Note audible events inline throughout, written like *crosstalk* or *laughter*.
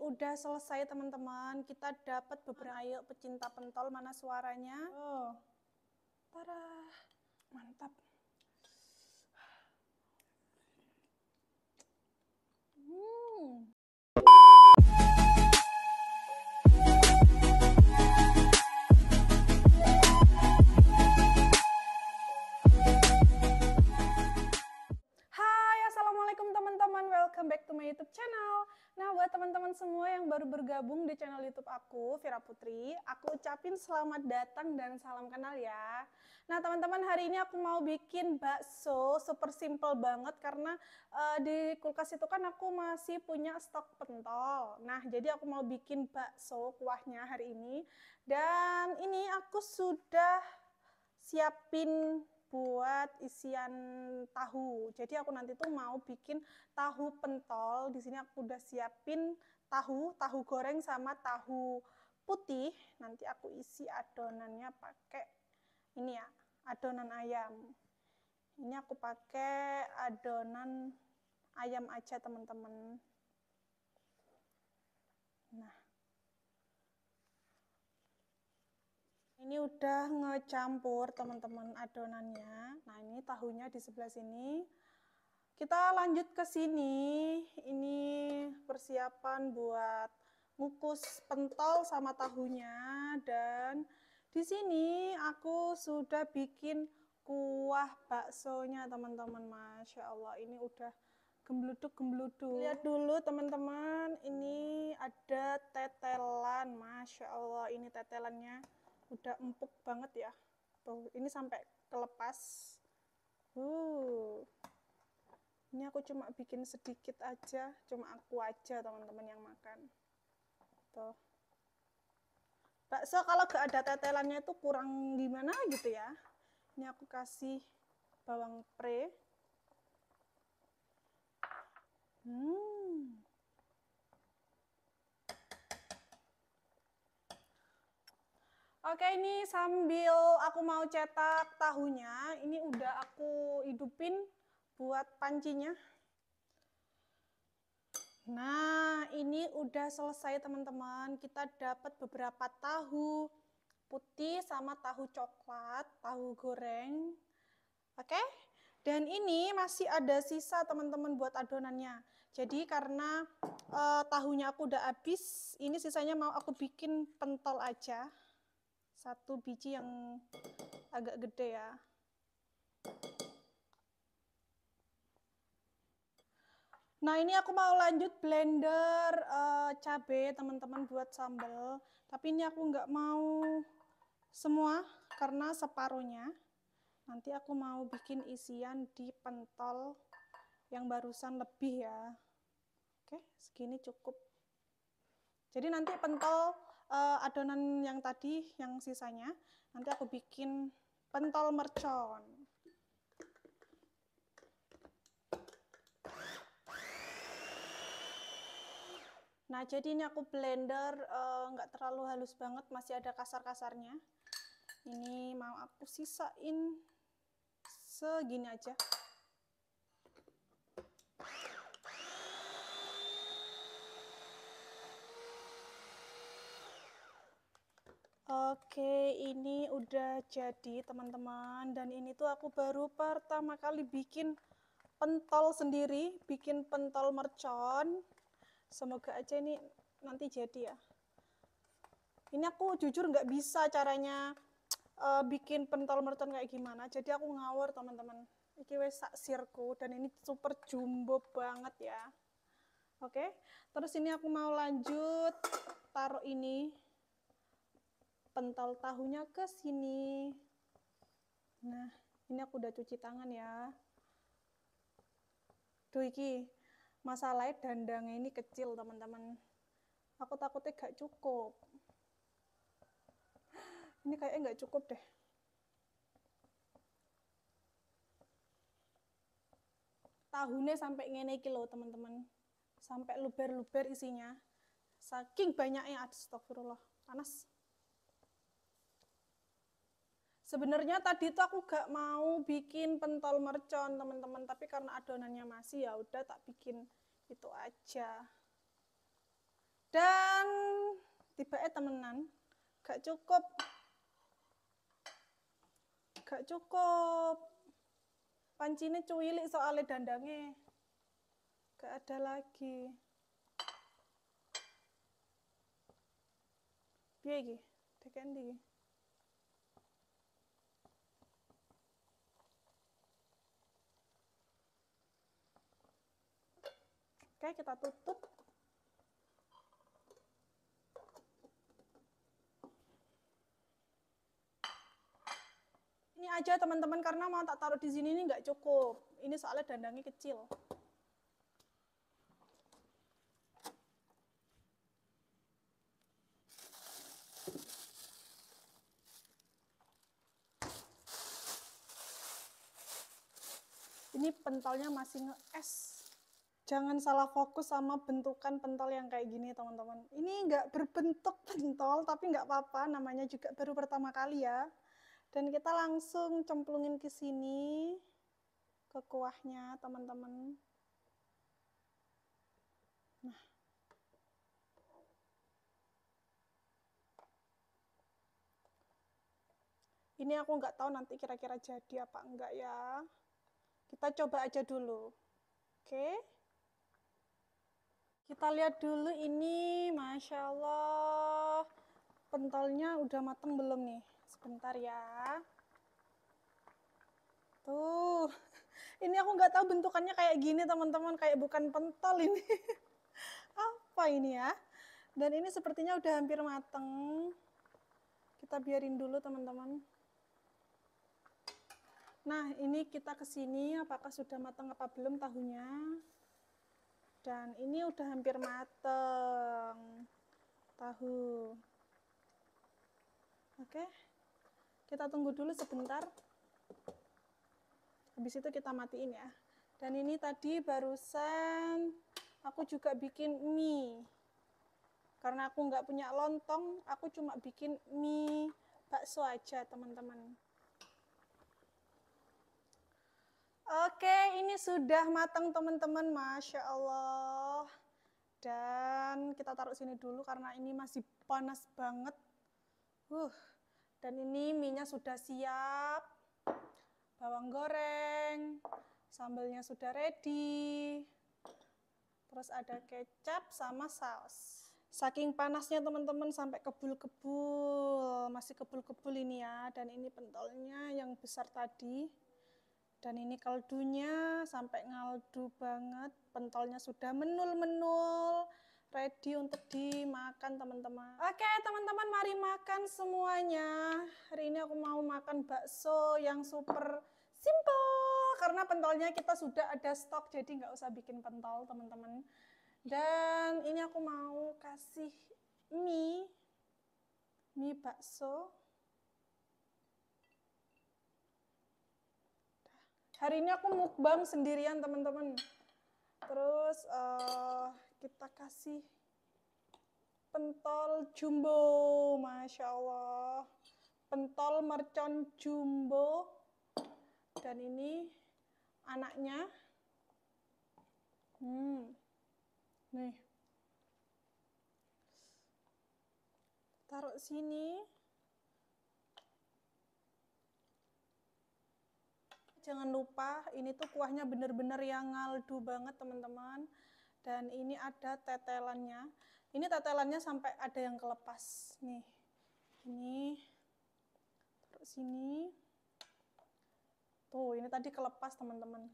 udah selesai teman-teman. Kita dapat beberapa ayo pecinta pentol mana suaranya? Oh. Tara. Mantap. Hmm. welcome back to my YouTube channel. Nah, buat teman-teman semua yang baru bergabung di channel YouTube aku, Vira Putri, aku ucapin selamat datang dan salam kenal ya. Nah, teman-teman, hari ini aku mau bikin bakso super simple banget karena uh, di kulkas itu kan aku masih punya stok pentol. Nah, jadi aku mau bikin bakso kuahnya hari ini. Dan ini aku sudah siapin isian tahu. Jadi aku nanti tuh mau bikin tahu pentol. Di sini aku udah siapin tahu, tahu goreng sama tahu putih. Nanti aku isi adonannya pakai ini ya, adonan ayam. Ini aku pakai adonan ayam aja teman-teman. Nah, Ini udah ngecampur teman-teman adonannya. Nah ini tahunya di sebelah sini. Kita lanjut ke sini. Ini persiapan buat ngukus pentol sama tahunya. Dan di sini aku sudah bikin kuah baksonya teman-teman. Masya Allah ini udah gembluduk-gembluduk. Lihat dulu teman-teman, ini ada tetelan. Masya Allah, ini tetelannya udah empuk banget ya tuh ini sampai kelepas uh ini aku cuma bikin sedikit aja cuma aku aja teman-teman yang makan tuh bakso kalau gak ada tetelannya itu kurang gimana gitu ya ini aku kasih bawang pre hmm Oke, ini sambil aku mau cetak tahunya, ini udah aku hidupin buat pancinya. Nah, ini udah selesai teman-teman. Kita dapat beberapa tahu putih sama tahu coklat, tahu goreng. Oke? Dan ini masih ada sisa teman-teman buat adonannya. Jadi karena e, tahunya aku udah habis, ini sisanya mau aku bikin pentol aja satu biji yang agak gede ya. Nah ini aku mau lanjut blender uh, eh, cabai teman-teman buat sambal. Tapi ini aku nggak mau semua karena separuhnya. Nanti aku mau bikin isian di pentol yang barusan lebih ya. Oke segini cukup. Jadi nanti pentol uh, adonan yang tadi yang sisanya nanti aku bikin pentol mercon. Nah, jadi ini aku blender eh, nggak uh, terlalu halus banget, masih ada kasar-kasarnya. Ini mau aku sisain segini aja. Oke, ini udah jadi teman-teman dan ini tuh aku baru pertama kali bikin pentol sendiri, bikin pentol mercon. Semoga aja ini nanti jadi ya. Ini aku jujur nggak bisa caranya uh, bikin pentol mercon kayak gimana. Jadi aku ngawur teman-teman. Iki wes sak sirku dan ini super jumbo banget ya. Oke. Terus ini aku mau lanjut taruh ini pentol tahunya ke sini. Nah, ini aku udah cuci tangan ya. Duh iki, masalahnya dandangnya ini kecil teman-teman. Aku takutnya gak cukup. Ini kayaknya gak cukup deh. Tahunya sampai ngene iki loh teman-teman. Sampai luber-luber isinya. Saking banyaknya, astagfirullah, panas. Sebenarnya tadi tuh aku gak mau bikin pentol mercon teman-teman, tapi karena adonannya masih ya udah tak bikin itu aja. Dan tiba eh temenan, gak cukup, gak cukup. Pancine cuilik soalnya dandangnya, gak ada lagi. Piye iki? Tekan iki. Oke, kita tutup. Ini aja teman-teman karena mau tak taruh di sini ini nggak cukup. Ini soalnya dandangnya kecil. Ini pentolnya masih nge-es jangan salah fokus sama bentukan pentol yang kayak gini teman-teman. Ini nggak berbentuk pentol tapi nggak apa-apa namanya juga baru pertama kali ya. Dan kita langsung cemplungin ke sini ke kuahnya teman-teman. Nah. Ini aku nggak tahu nanti kira-kira jadi apa enggak ya. Kita coba aja dulu. Oke. Okay. Kita lihat dulu ini, Masya Allah. Pentolnya udah mateng belum nih? Sebentar ya. Tuh. *laughs* Ini aku nggak tahu bentukannya kayak gini teman-teman. Kayak bukan pentol ini. *laughs* Apa ini ya? Dan ini sepertinya udah hampir mateng. Kita biarin dulu teman-teman. Nah, ini kita kesini apakah sudah matang apa belum tahunya? dan ini udah hampir mateng tahu oke kita tunggu dulu sebentar habis itu kita matiin ya dan ini tadi barusan aku juga bikin mie karena aku nggak punya lontong aku cuma bikin mie bakso aja teman-teman Oke, ini sudah matang teman-teman, Masya Allah. Dan kita taruh sini dulu karena ini masih panas banget. Uh, dan ini minyak sudah siap. Bawang goreng, sambalnya sudah ready. Terus ada kecap sama saus. Saking panasnya teman-teman sampai kebul-kebul. Masih kebul-kebul ini ya. Dan ini pentolnya yang besar tadi. Dan ini kaldunya sampai ngaldu banget, pentolnya sudah menul-menul, ready untuk dimakan teman-teman. Oke teman-teman mari makan semuanya. Hari ini aku mau makan bakso yang super simple karena pentolnya kita sudah ada stok jadi nggak usah bikin pentol teman-teman. Dan ini aku mau kasih mie, mie bakso Hari ini aku mukbang sendirian teman-teman. Terus uh, kita kasih pentol jumbo, masya Allah. Pentol mercon jumbo. Dan ini anaknya. Hmm. Nih. Taruh sini. jangan lupa ini tuh kuahnya bener-bener yang ngaldu banget teman-teman. Dan ini ada tetelannya. Ini tetelannya sampai ada yang kelepas nih. Ini terus sini. Tuh, ini tadi kelepas teman-teman.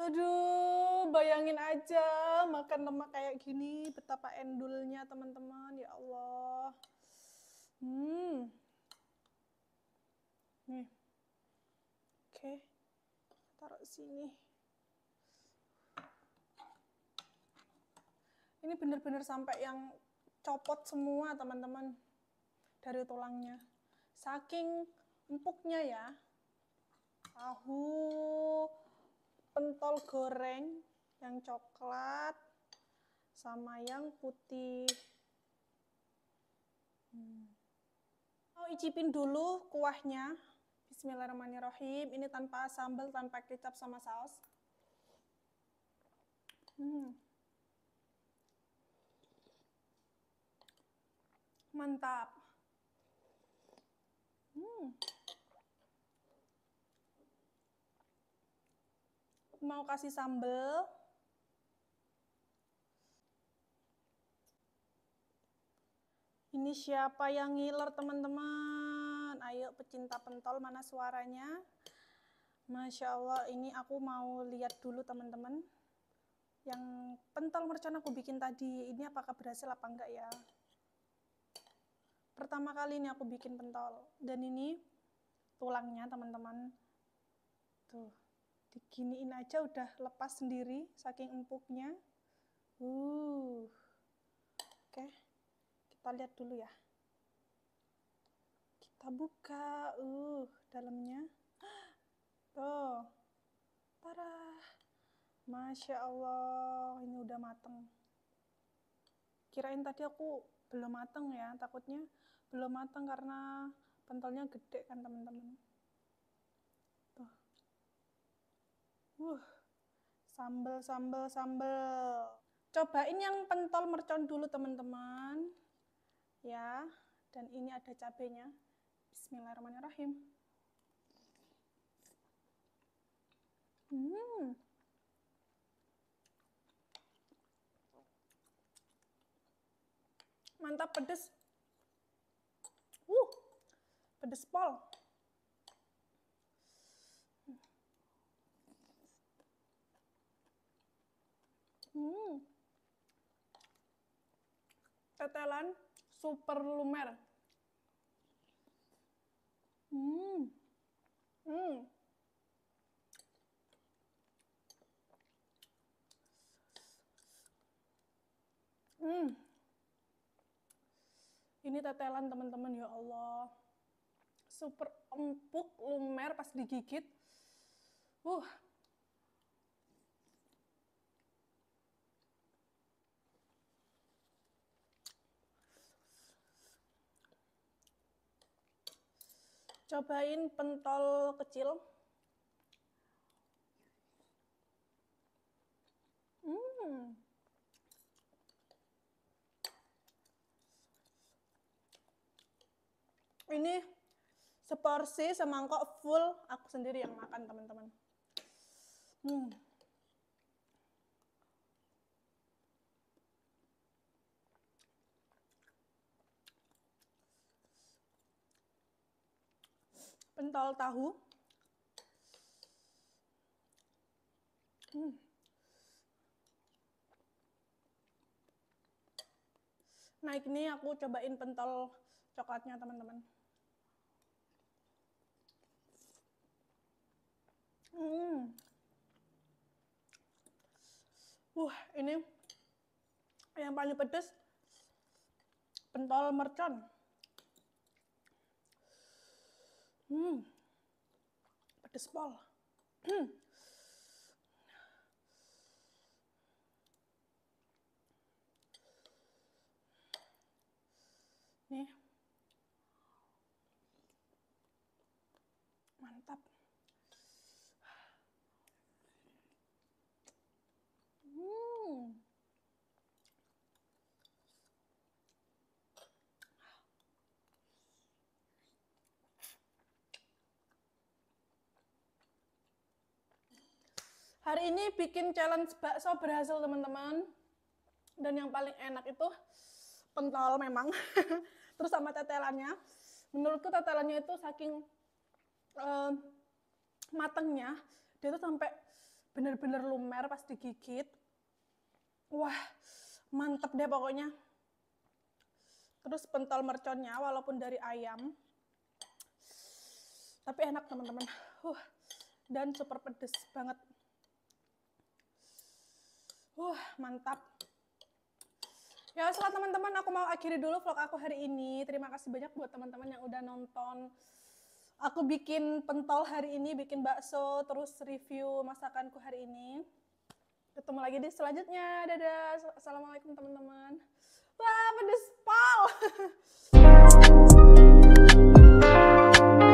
Aduh, bayangin aja makan lemak kayak gini, betapa endulnya teman-teman. Ya Allah. Oke. Taruh sini. Ini benar-benar sampai yang copot semua, teman-teman. Dari tulangnya. Saking empuknya ya. Tahu pentol goreng yang coklat sama yang putih. Hmm. Mau icipin dulu kuahnya. Bismillahirrahmanirrahim. Ini tanpa sambal, tanpa kecap sama saus. Hmm. Mantap. Hmm. Mau kasih sambal. Ini siapa yang ngiler, teman-teman? ayo pecinta pentol mana suaranya Masya Allah ini aku mau lihat dulu teman-teman yang pentol mercon aku bikin tadi ini apakah berhasil apa enggak ya pertama kali ini aku bikin pentol dan ini tulangnya teman-teman tuh diginiin aja udah lepas sendiri saking empuknya uh oke okay. kita lihat dulu ya kita buka uh dalamnya tuh parah masya allah ini udah mateng kirain tadi aku belum mateng ya takutnya belum mateng karena pentolnya gede kan teman-teman tuh uh sambel sambel sambel cobain yang pentol mercon dulu teman-teman ya dan ini ada cabenya Bismillahirrahmanirrahim. Hmm. Mantap pedes. Uh. Pedes pol. Hmm. Tetelan super lumer. Hmm. Hmm. Hmm. Ini tetelan teman-teman ya Allah. Super empuk, lumer pas digigit. Uh, Cobain pentol kecil. Hmm. Ini seporsi semangkok full aku sendiri yang makan teman-teman. Hmm. pentol tahu. Hmm. Nah ini aku cobain pentol coklatnya teman-teman. Hmm. Wah ini yang paling pedes pentol mercon. Hmm. Pedes pol. Hmm. Nih. Mantap. Hari ini bikin challenge bakso berhasil teman-teman. Dan yang paling enak itu pentol memang. *laughs* Terus sama tetelannya. Menurutku tetelannya itu saking uh, matangnya, dia tuh sampai bener-bener lumer pas digigit. Wah, mantep deh pokoknya. Terus pentol merconnya walaupun dari ayam. Tapi enak teman-teman. Uh, dan super pedes banget. Wah, mantap. Ya, setelah teman-teman aku mau akhiri dulu vlog aku hari ini. Terima kasih banyak buat teman-teman yang udah nonton. Aku bikin pentol hari ini, bikin bakso, terus review masakanku hari ini. Ketemu lagi di selanjutnya. Dadah. Assalamualaikum teman-teman. Wah, pedes pol. *laughs*